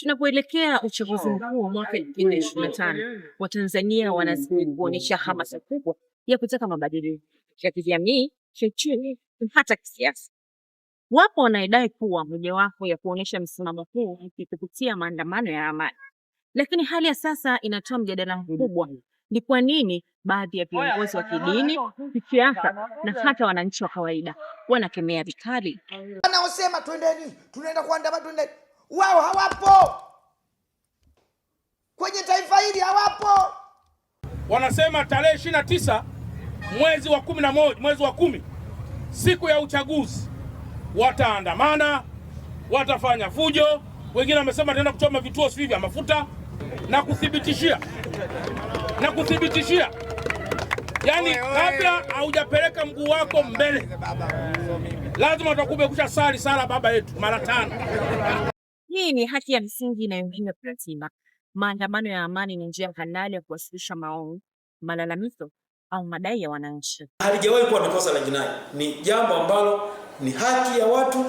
Tunapoelekea uchaguzi mkuu mwaka elfu mbili na ishirini na tano, Watanzania mm, wanazidi mm, kuonyesha mm, hamasa kubwa ya kutaka mabadiliko ya kijamii, kiuchumi, hata kisiasa. Wapo wanaedai kuwa mojawapo ya kuonyesha msimamo huu ni kupitia maandamano ya amani, lakini hali ya sasa inatoa mjadala mkubwa: ni kwa nini baadhi ya viongozi wa kidini, kisiasa na hata wananchi wa kawaida wanakemea vikali wanaosema tuendeni tunaenda kuandamana, wao hawapo kwenye taifa hili, hawapo. Wanasema tarehe 29 mwezi wa kumi na moja, mwezi wa kumi, siku ya uchaguzi wataandamana, watafanya fujo. Wengine wamesema wataenda kuchoma vituo sivi vya mafuta na kuthibitishia na kuthibitishia Yaani, kabla haujapeleka mguu wako mbele, lazima kusha sali sala baba yetu mara tano. Hii ni haki ya msingi inayolindwa kikatiba. Maandamano ya amani ni njia halali ya kuwasilisha maoni, malalamiko au madai ya wananchi. Halijawahi kuwa ni kosa la jinai, ni jambo ambalo ni haki ya watu,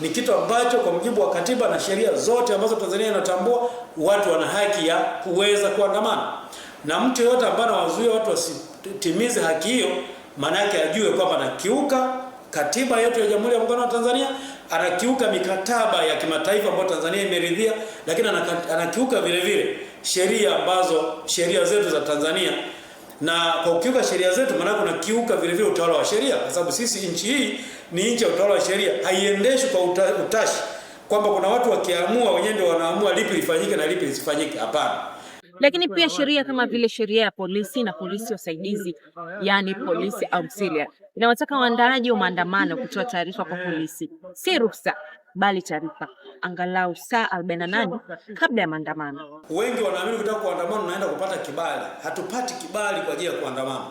ni kitu ambacho kwa mujibu wa katiba na sheria zote ambazo Tanzania inatambua, watu wana haki ya kuweza kuandamana, na mtu yoyote ambaye anawazuia watu wasitimize haki hiyo, maana yake ajue kwamba anakiuka katiba yetu ya Jamhuri ya Muungano wa Tanzania, anakiuka mikataba ya kimataifa ambayo Tanzania imeridhia, lakini anakiuka vile vile sheria ambazo sheria zetu za Tanzania na kwa kukiuka sheria zetu, kuna unakiuka vile vile utawala wa sheria, kwa sababu sisi nchi hii ni nchi ya utawala wa sheria, haiendeshwi kwa uta, utashi kwamba kuna watu wakiamua wenyewe ndio wanaamua lipi lifanyike na lipi lisifanyike. Hapana lakini pia sheria kama vile sheria ya polisi na polisi wasaidizi, yani polisi auxilia, inawataka waandaaji wa maandamano kutoa taarifa kwa polisi, si ruhusa, bali taarifa angalau saa 48 kabla ya maandamano. Wengi wanaamini ukitaka kuandamana unaenda kupata kibali. Hatupati kibali kwa ajili ya kuandamana.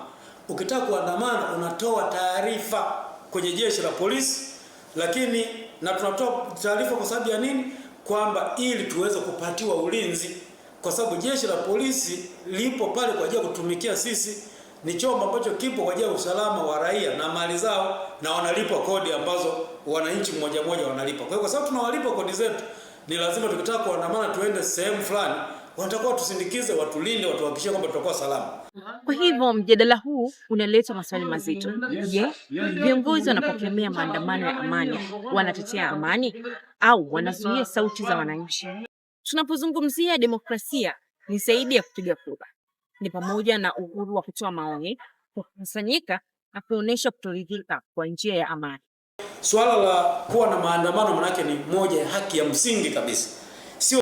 Ukitaka kuandamana unatoa taarifa kwenye jeshi la polisi, lakini na tunatoa taarifa kwa sababu ya nini? Kwamba ili tuweze kupatiwa ulinzi kwa sababu jeshi la polisi lipo pale kwa ajili ya kutumikia sisi. Ni chombo ambacho kipo kwa ajili ya usalama wa raia na mali zao, na wanalipa kodi ambazo wananchi mmoja mmoja wanalipa. Kwa hiyo kwa sababu tunawalipa kodi zetu, ni lazima tukitaka kuandamana tuende sehemu fulani, wanatakuwa tusindikize, watulinde, watuhakikishie kwamba tutakuwa salama. Kwa hivyo mjadala huu unaleta maswali mazito. Je, viongozi wanapokemea maandamano ya amani wanatetea amani au wanazuia sauti za wananchi? tunapozungumzia demokrasia ni zaidi ya kupiga kura, ni pamoja na uhuru wa kutoa maoni, kukusanyika na kuonyesha kutoridhika kwa njia ya amani. Suala la kuwa na maandamano manake ni moja ya haki ya msingi kabisa